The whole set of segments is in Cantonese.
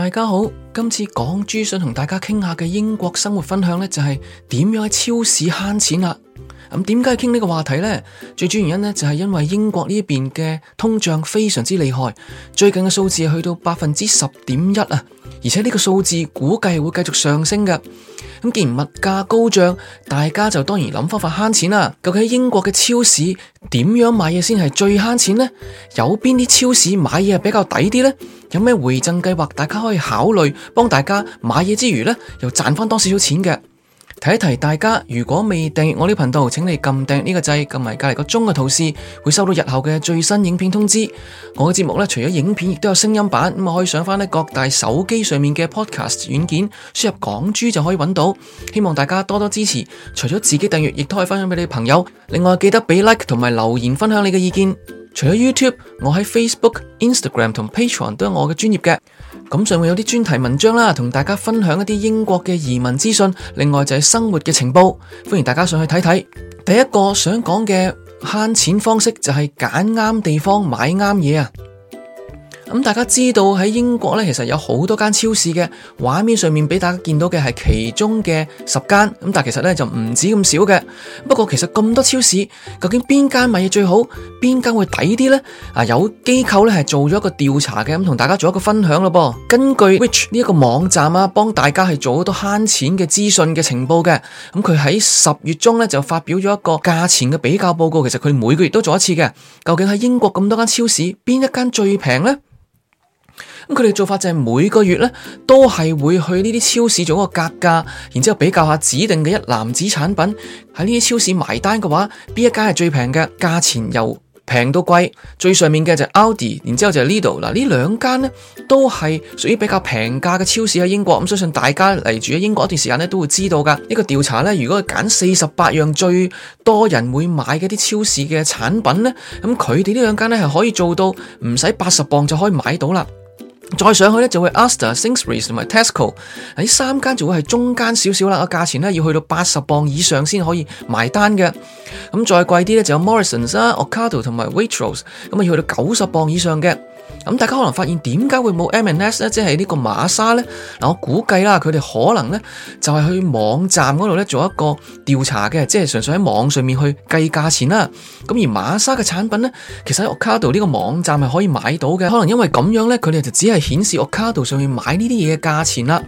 大家好，今次講珠想同大家傾下嘅英國生活分享咧，就係點樣喺超市慳錢啦、啊。咁點解傾呢個話題呢？最主要原因呢，就係因為英國呢邊嘅通脹非常之厲害，最近嘅數字去到百分之十點一啊，而且呢個數字估計係會繼續上升嘅。咁既然物價高漲，大家就當然諗方法慳錢啦。究竟喺英國嘅超市點樣買嘢先係最慳錢呢？有邊啲超市買嘢係比較抵啲呢？有咩回贈計劃？大家可以考慮幫大家買嘢之餘呢，又賺翻多少少錢嘅？提一提大家，如果未訂閱我呢個頻道，請你撳訂閱呢個掣，撳埋隔籬個鐘嘅圖示，會收到日後嘅最新影片通知。我嘅節目呢，除咗影片，亦都有聲音版，咁、嗯、啊可以上翻呢各大手機上面嘅 Podcast 軟件，輸入港珠就可以揾到。希望大家多多支持，除咗自己訂閱，亦都可以分享俾你朋友。另外記得俾 like 同埋留言，分享你嘅意見。除咗 YouTube，我喺 Facebook、Instagram 同 Patreon 都有我嘅專業嘅。咁上面有啲專題文章啦，同大家分享一啲英國嘅移民資訊，另外就係生活嘅情報，歡迎大家上去睇睇。第一個想講嘅慳錢方式就係揀啱地方買啱嘢啊！咁大家知道喺英國咧，其實有好多間超市嘅，畫面上面俾大家見到嘅係其中嘅十間，咁但其實咧就唔止咁少嘅。不過其實咁多超市，究竟邊間買嘢最好，邊間會抵啲咧？啊，有機構咧係做咗一個調查嘅，咁同大家做一個分享咯噃。根據 Which 呢一個網站啊，幫大家係做好多慳錢嘅資訊嘅情報嘅，咁佢喺十月中咧就發表咗一個價錢嘅比較報告。其實佢每個月都做一次嘅。究竟喺英國咁多間超市，邊一間最平咧？咁佢哋做法就係每個月咧，都係會去呢啲超市做一個格價，然之後比較下指定嘅一籃子產品喺呢啲超市埋單嘅話，邊一間係最平嘅。價錢由平到貴，最上面嘅就係 Aldi，然之後就係呢度。嗱，呢兩間咧都係屬於比較平價嘅超市喺英國。咁相信大家嚟住喺英國一段時間咧，都會知道噶。一、這個調查咧，如果揀四十八樣最多人會買嘅啲超市嘅產品咧，咁佢哋呢兩間咧係可以做到唔使八十磅就可以買到啦。再上去咧就，就會 Asda Sainsbury 同埋 Tesco，喺三間就會係中間少少啦，個價錢咧要去到八十磅以上先可以埋單嘅。咁再貴啲咧就有 Morrison 啊、Ocado 同埋 Waitrose，咁啊要去到九十磅以上嘅。咁大家可能發現點解會冇 M&S 咧？即係呢個瑪莎咧。嗱，我估計啦，佢哋可能咧就係去網站嗰度咧做一個調查嘅，即係純粹喺網上面去計價錢啦。咁而瑪莎嘅產品咧，其實喺 Ocado 呢個網站係可以買到嘅。可能因為咁樣咧，佢哋就只係顯示 Ocado 上面買呢啲嘢嘅價錢啦。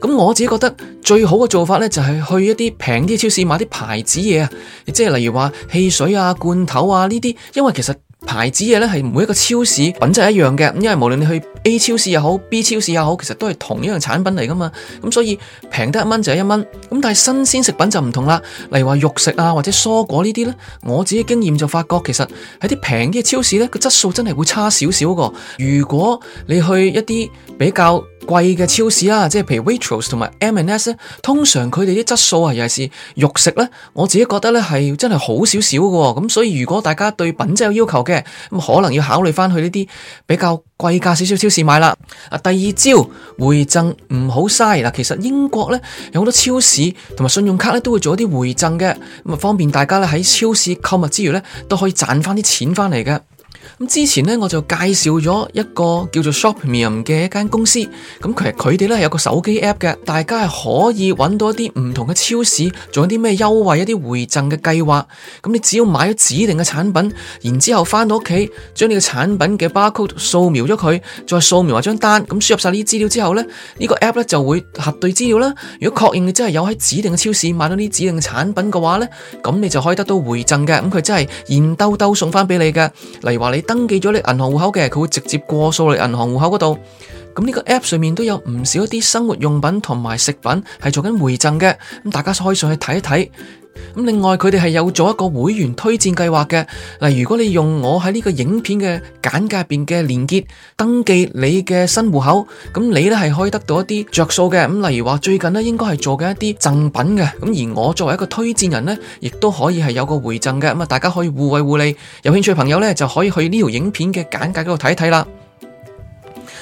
咁我自己覺得最好嘅做法咧，就係去一啲平啲超市買啲牌子嘢啊，即係例如話汽水啊、罐頭啊呢啲，因為其實。牌子嘢咧係每一個超市品質係一樣嘅，因為無論你去 A 超市又好，B 超市又好，其實都係同一樣產品嚟噶嘛，咁所以平得一蚊就係一蚊，咁但係新鮮食品就唔同啦，例如話肉食啊或者蔬果呢啲咧，我自己經驗就發覺其實喺啲平啲嘅超市咧個質素真係會差少少個，如果你去一啲比較貴嘅超市啦，即係譬如 Waitrose 同埋 M&S 咧，通常佢哋啲質素啊，尤其是肉食咧，我自己覺得咧係真係好少少嘅。咁所以如果大家對品質有要求嘅，咁可能要考慮翻去呢啲比較貴價少少超市買啦。啊，第二招回贈唔好嘥嗱，其實英國咧有好多超市同埋信用卡咧都會做一啲回贈嘅，咁啊方便大家咧喺超市購物之餘咧都可以賺翻啲錢翻嚟嘅。之前呢，我就介紹咗一個叫做 Shopmium 嘅一間公司。咁其實佢哋咧有個手機 app 嘅，大家係可以揾到一啲唔同嘅超市，仲有啲咩優惠，一啲回贈嘅計劃。咁你只要買咗指定嘅產品，然之後翻到屋企，將你個產品嘅 barcode 掃描咗佢，再掃描埋張單，咁輸入晒呢啲資料之後呢，呢個 app 咧就會核對資料啦。如果確認你真係有喺指定嘅超市買到呢啲指定嘅產品嘅話呢，咁你就可以得到回贈嘅。咁佢真係現兜兜送翻俾你嘅，例如話。你登記咗你銀行戶口嘅，佢會直接過數你銀行戶口嗰度。咁呢個 app 上面都有唔少一啲生活用品同埋食品係做緊回贈嘅，咁大家可以上去睇一睇。咁另外佢哋係有做一個會員推薦計劃嘅。嗱，如果你用我喺呢個影片嘅簡介入面嘅連結登記你嘅新戶口，咁你咧係可以得到一啲着數嘅。咁例如話最近咧應該係做緊一啲贈品嘅。咁而我作為一個推薦人呢，亦都可以係有個回贈嘅。咁大家可以互惠互利。有興趣朋友呢，就可以去呢條影片嘅簡介嗰度睇一睇啦。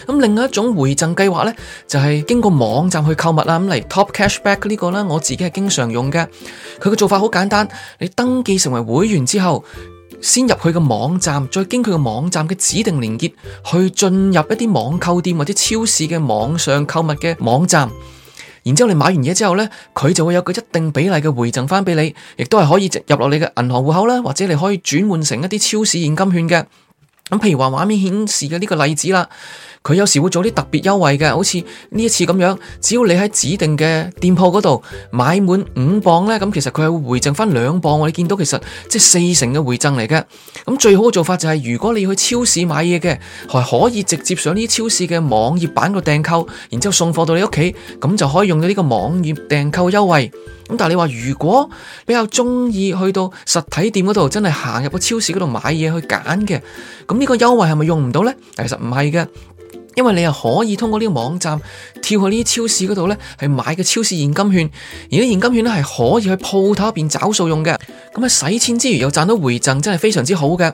咁另外一種回贈計劃呢，就係經過網站去購物啦，咁嚟 Top Cashback 呢個呢，我自己係經常用嘅。佢嘅做法好簡單，你登記成為會員之後，先入去個網站，再經佢嘅網站嘅指定連結去進入一啲網購店或者超市嘅網上購物嘅網站。然之後你買完嘢之後呢，佢就會有個一定比例嘅回贈翻俾你，亦都係可以直入落你嘅銀行戶口啦，或者你可以轉換成一啲超市現金券嘅。咁譬如話畫面顯示嘅呢個例子啦。佢有時會做啲特別優惠嘅，好似呢一次咁樣，只要你喺指定嘅店鋪嗰度買滿五磅呢，咁其實佢係會回贈翻兩磅。我哋見到其實即係四成嘅回贈嚟嘅。咁最好嘅做法就係，如果你去超市買嘢嘅，係可以直接上呢啲超市嘅網頁版度訂購，然之後送貨到你屋企，咁就可以用到呢個網頁訂購優惠。咁但係你話如果比較中意去到實體店嗰度，真係行入個超市嗰度買嘢去揀嘅，咁呢個優惠係咪用唔到呢？其實唔係嘅。因為你又可以通過呢個網站跳去呢啲超市嗰度咧，係買個超市現金券，而啲現金券咧係可以去鋪頭入邊找數用嘅。咁啊，使錢之餘又賺到回贈，真係非常之好嘅。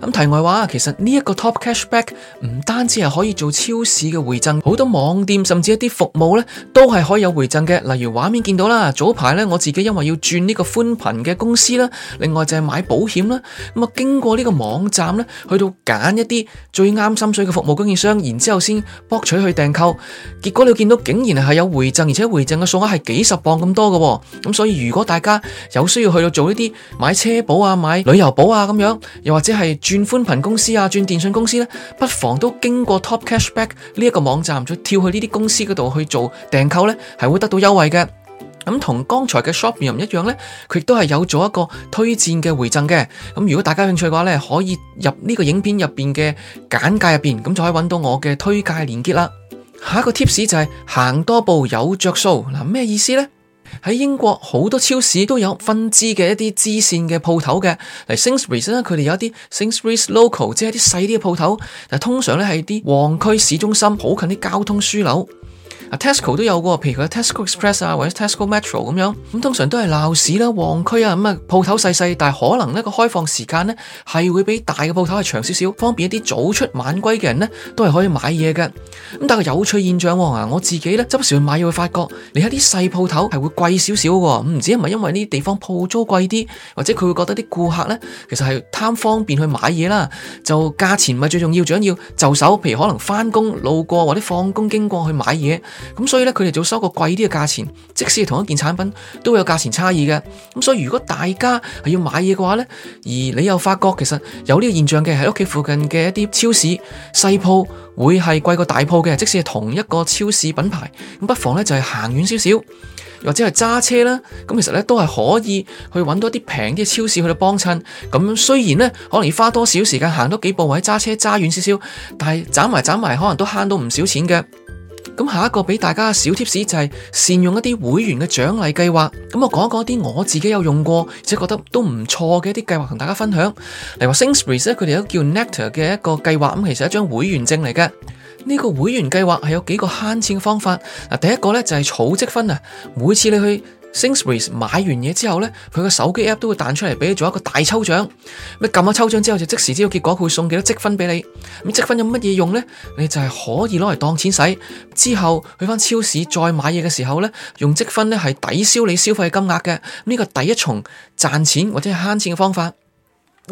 咁題外話，其實呢一個 TopCashback 唔單止係可以做超市嘅回贈，好多網店甚至一啲服務咧都係可以有回贈嘅。例如畫面見到啦，早排咧我自己因為要轉呢個寬頻嘅公司啦，另外就係買保險啦。咁啊，經過呢個網站咧，去到揀一啲最啱心水嘅服務供應商，然之後先博取去訂購。結果你見到竟然係有回贈，而且回贈嘅數額係幾十磅咁多嘅。咁所以如果大家有需要去到做一啲買車保啊、買旅遊保啊咁樣，又或者係～轉寬頻公司啊，轉電信公司呢，不妨都經過 Top Cashback 呢一個網站，再跳去呢啲公司嗰度去做訂購呢，係會得到優惠嘅。咁同剛才嘅 Shopmium 一樣呢，佢亦都係有咗一個推薦嘅回贈嘅。咁如果大家興趣嘅話呢，可以入呢個影片入邊嘅簡介入邊，咁就可以揾到我嘅推介連結啦。下一個 tips 就係、是、行多步有著數嗱，咩意思呢？喺英國好多超市都有分支嘅一啲支線嘅鋪頭嘅，嚟 Sainsbury's 呢，佢哋有一啲 Sainsbury's local，即係一啲細啲嘅鋪頭，但通常呢係啲旺區市中心，好近啲交通樞紐。Tesco 都有喎，譬如佢嘅 Tesco Express 啊，或者 Tesco Metro 咁樣，咁通常都係鬧市啦、旺區啊，咁啊鋪頭細細，但係可能呢個開放時間呢，係會比大嘅鋪頭係長少少，方便一啲早出晚歸嘅人呢，都係可以買嘢嘅。咁但係有趣現象喎，啊我自己呢，執時去買嘢，會發覺你喺啲細鋪頭係會貴少少喎，唔知係咪因為呢啲地方鋪租貴啲，或者佢會覺得啲顧客呢，其實係貪方便去買嘢啦，就價錢唔係最重要，最緊要就手，譬如可能翻工路過或者放工經過去買嘢。咁所以咧，佢哋就收個貴啲嘅價錢，即使係同一件產品，都會有價錢差異嘅。咁所以如果大家係要買嘢嘅話咧，而你又發覺其實有呢個現象嘅，喺屋企附近嘅一啲超市細鋪會係貴過大鋪嘅，即使係同一個超市品牌，咁不妨咧就係行遠少少，或者係揸車啦。咁其實咧都係可以去揾多啲平啲嘅超市去到幫襯。咁雖然咧可能要花多少時間行多幾步或者揸車揸遠少少，但係斬埋斬埋，可能都慳到唔少錢嘅。咁下一個俾大家小 tips 就係善用一啲會員嘅獎勵計劃，咁我講一講啲我自己有用過而且覺得都唔錯嘅一啲計劃同大家分享。例如話 Sainsbury's 佢哋有叫 Nectar 嘅一個計劃，咁其實係一張會員證嚟嘅。呢、呢個會員計劃係有幾個慳錢嘅方法。啊，第一個咧就係儲積分啊，每次你去。Sainsbury's 買完嘢之後呢，佢個手機 app 都會彈出嚟俾你做一個大抽獎，咁你撳咗抽獎之後就即時知道結果，佢會送幾多積分俾你。咁積分有乜嘢用呢？你就係可以攞嚟當錢使，之後去翻超市再買嘢嘅時候呢用積分呢係抵消你消費金額嘅。呢個第一重賺錢或者係慳錢嘅方法。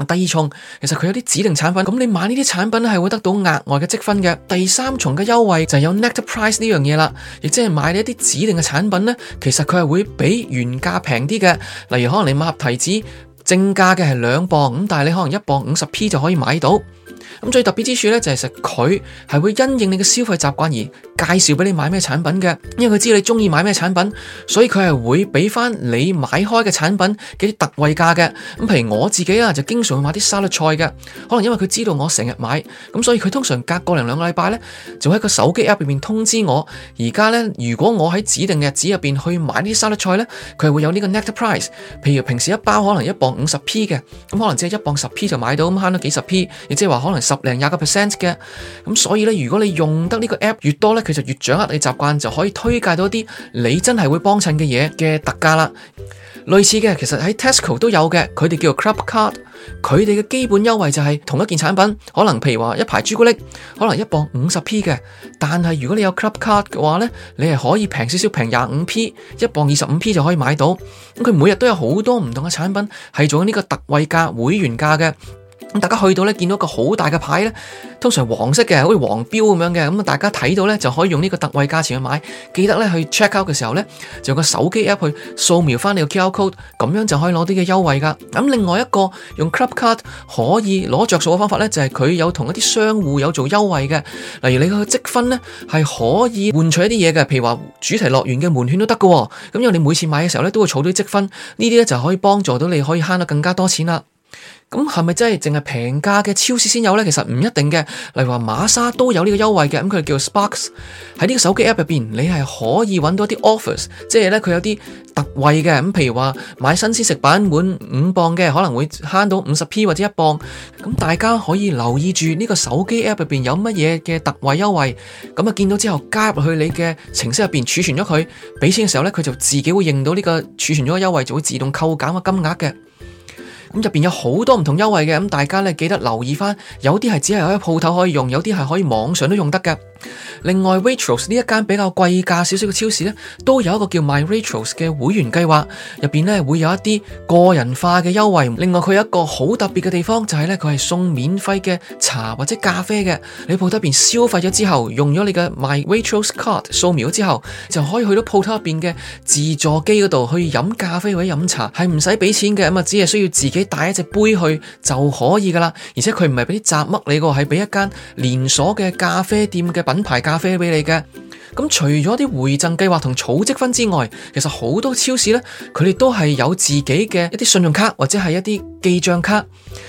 第二重，其實佢有啲指定產品，咁你買呢啲產品咧係會得到額外嘅積分嘅。第三重嘅優惠就係有 Nectar price 呢樣嘢啦，亦即係買一啲指定嘅產品呢，其實佢係會比原價平啲嘅。例如可能你買盒提子，正價嘅係兩磅，咁但係你可能一磅五十 p 就可以買到。咁最特別之處呢，就係佢係會因應你嘅消費習慣而介紹俾你買咩產品嘅，因為佢知你中意買咩產品，所以佢係會俾翻你買開嘅產品嘅啲特惠價嘅。咁譬如我自己啊，就經常會買啲沙律菜嘅，可能因為佢知道我成日買，咁所以佢通常隔個零兩個禮拜呢，就會喺個手機 App 入面通知我，而家呢，如果我喺指定嘅日子入邊去買啲沙律菜呢，佢係會有呢個 net price。譬如平時一包可能一磅五十 p 嘅，咁可能只係一磅十 p 就買到，咁慳咗幾十 p，亦即係話可能，十零廿個 percent 嘅，咁所以呢，如果你用得呢個 app 越多呢，佢就越掌握你習慣，就可以推介到啲你真係會幫襯嘅嘢嘅特價啦。類似嘅，其實喺 Tesco 都有嘅，佢哋叫做 Club Card，佢哋嘅基本優惠就係同一件產品，可能譬如話一排朱古力，可能一磅五十 p 嘅，但係如果你有 Club Card 嘅話呢，你係可以平少少，平廿五 p，一磅二十五 p 就可以買到。咁佢每日都有好多唔同嘅產品係做呢個特惠價、會員價嘅。大家去到呢，見到一個好大嘅牌呢，通常黃色嘅，好似黃標咁樣嘅，咁大家睇到呢，就可以用呢個特惠價錢去買。記得呢，去 check out 嘅時候呢，就用個手機 app 去掃描翻你個 QR code，咁樣就可以攞啲嘅優惠噶。咁另外一個用 Clubcard 可以攞着數嘅方法呢，就係佢有同一啲商戶有做優惠嘅，例如你嘅積分呢，係可以換取一啲嘢嘅，譬如話主題樂園嘅門券都得嘅。咁因為你每次買嘅時候呢，都會儲到啲積分，呢啲呢就可以幫助到你可以慳到更加多錢啦。咁係咪真係淨係平價嘅超市先有呢？其實唔一定嘅。例如話瑪莎都有呢個優惠嘅，咁佢叫 Sparks。喺呢個手機 app 入邊，你係可以搵到一啲 offers，即係呢，佢有啲特惠嘅。咁譬如話買新鮮食品滿五磅嘅，可能會慳到五十 p 或者一磅。咁大家可以留意住呢個手機 app 入邊有乜嘢嘅特惠優惠。咁啊見到之後加入去你嘅程式入邊儲存咗佢，俾錢嘅時候呢，佢就自己會認到呢個儲存咗嘅優惠，就會自動扣減個金額嘅。咁入邊有好多唔同優惠嘅，咁大家呢，記得留意返，有啲係只係喺鋪頭可以用，有啲係可以網上都用得嘅。另外，Waitrose 呢一間比較貴價少少嘅超市呢，都有一個叫 My Waitrose 嘅會員計劃，入邊咧會有一啲個人化嘅優惠。另外，佢有一個好特別嘅地方，就係呢，佢係送免費嘅茶或者咖啡嘅。你鋪頭入邊消費咗之後，用咗你嘅 My Waitrose Card 掃描咗之後，就可以去到鋪頭入邊嘅自助機嗰度去飲咖啡或者飲茶，係唔使俾錢嘅，咁啊只係需要自己帶一隻杯去就可以噶啦。而且佢唔係俾啲雜乜你個，係俾一間連鎖嘅咖啡店嘅。品牌咖啡俾你嘅。咁除咗啲回贈計劃同儲積分之外，其實好多超市呢，佢哋都係有自己嘅一啲信用卡或者係一啲記賬卡。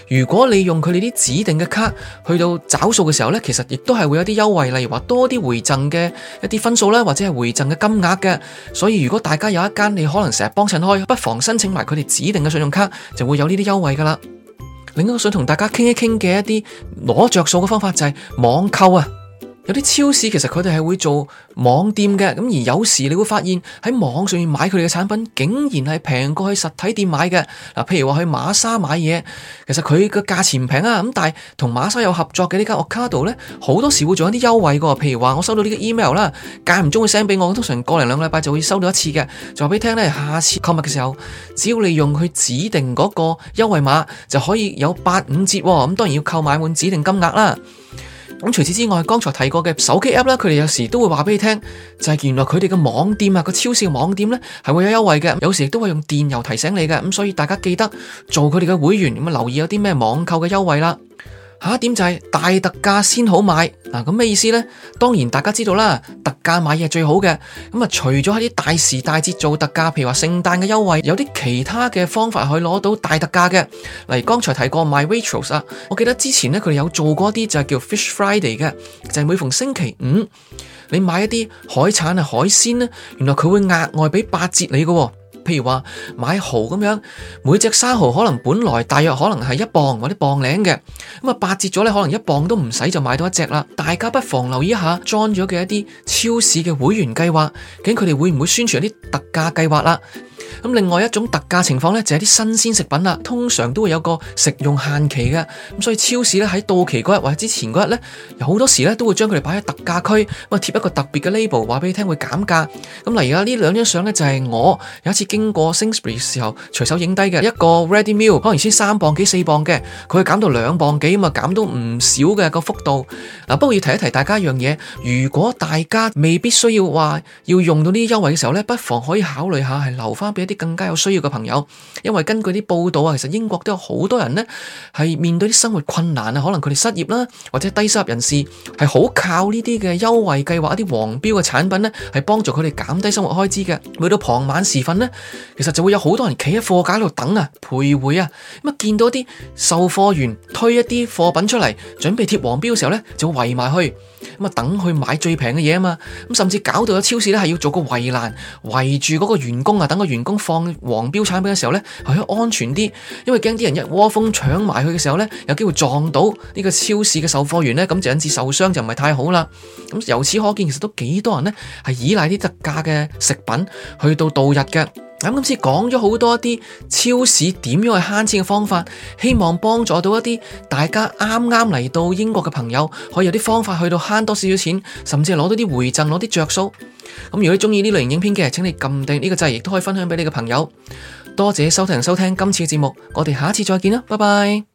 如果你用佢哋啲指定嘅卡去到找數嘅時候呢，其實亦都係會有啲優惠，例如話多啲回贈嘅一啲分數啦，或者係回贈嘅金額嘅。所以如果大家有一間你可能成日幫襯開，不妨申請埋佢哋指定嘅信用卡，就會有呢啲優惠㗎喇。另一個想同大家傾一傾嘅一啲攞着數嘅方法就係網購啊。有啲超市其實佢哋係會做網店嘅，咁而有時你會發現喺網上面買佢哋嘅產品，竟然係平過去實體店買嘅。嗱，譬如話去馬莎買嘢，其實佢個價錢唔平啊。咁但係同馬莎有合作嘅呢間 Ocado 呢，好多時會做一啲優惠嘅。譬如話我收到呢個 email 啦，間唔中會 send 俾我，通常過個零兩禮拜就會收到一次嘅。就話俾你聽咧，下次購物嘅時候，只要你用佢指定嗰個優惠碼，就可以有八五折。咁當然要購買滿指定金額啦。除此之外，剛才提過嘅手機 App 咧，佢哋有時都會話俾你聽，就係原來佢哋嘅網店啊，個超市嘅網店呢係會有優惠嘅，有時亦都會用電郵提醒你嘅，咁所以大家記得做佢哋嘅會員，咁留意有啲咩網購嘅優惠啦。下一點就係大特價先好買嗱，咁、啊、咩意思呢？當然大家知道啦，特價買嘢最好嘅。咁、嗯、啊，除咗喺啲大時大節做特價，譬如話聖誕嘅優惠，有啲其他嘅方法可以攞到大特價嘅。例如剛才提過買 Waitrose 啊，我記得之前咧佢哋有做過啲就係叫 Fish Friday 嘅，就係、是、每逢星期五你買一啲海產啊海鮮咧，原來佢會額外俾八折你嘅喎。譬如話買蚝咁樣，每隻生蚝可能本來大約可能係一磅或者磅零嘅，咁啊八折咗咧，可能一磅都唔使就買到一隻啦。大家不妨留意一下 join 咗嘅一啲超市嘅會員計劃，究竟佢哋會唔會宣傳啲特價計劃啦？咁另外一種特價情況咧，就係、是、啲新鮮食品啦，通常都會有個食用限期嘅，咁所以超市咧喺到期嗰日或者之前嗰日咧，有好多時咧都會將佢哋擺喺特價區，咁啊貼一個特別嘅 label，話俾你聽會減價。咁嗱，而家呢兩張相咧就係我有一次經。經過 Sainsbury 嘅時候，隨手影低嘅一個 Ready Meal，可能先三磅幾四磅嘅，佢減到兩磅幾，咁啊減到唔少嘅個幅度。嗱，不過要提一提大家一樣嘢，如果大家未必需要話要用到呢啲優惠嘅時候呢，不妨可以考慮下係留翻俾一啲更加有需要嘅朋友。因為根據啲報道啊，其實英國都有好多人呢係面對啲生活困難啊，可能佢哋失業啦，或者低收入人士係好靠呢啲嘅優惠計劃一啲黃標嘅產品呢係幫助佢哋減低生活開支嘅。每到傍晚時分呢。其實就會有好多人企喺貨架度等啊，徘徊啊，咁啊見到啲售貨員推一啲貨品出嚟，準備貼黃標嘅時候呢，就會圍埋去，咁啊等去買最平嘅嘢啊嘛，咁甚至搞到有超市呢，係要做個圍欄，圍住嗰個員工啊，等個員工放黃標產品嘅時候呢，係安全啲，因為驚啲人一窩蜂搶埋去嘅時候呢，有機會撞到呢個超市嘅售貨員呢，咁就引致受傷就唔係太好啦。咁由此可見，其實都幾多人呢，係依賴啲特價嘅食品去到度日嘅。咁今次講咗好多啲超市點樣去慳錢嘅方法，希望幫助到一啲大家啱啱嚟到英國嘅朋友，可以有啲方法去到慳多少少錢，甚至係攞到啲回贈，攞啲着數。咁如果你鍾意呢類型嘅影片嘅，請你撳定呢個掣，亦都可以分享俾你嘅朋友。多謝收睇同收聽今次嘅節目，我哋下次再見啦，拜拜。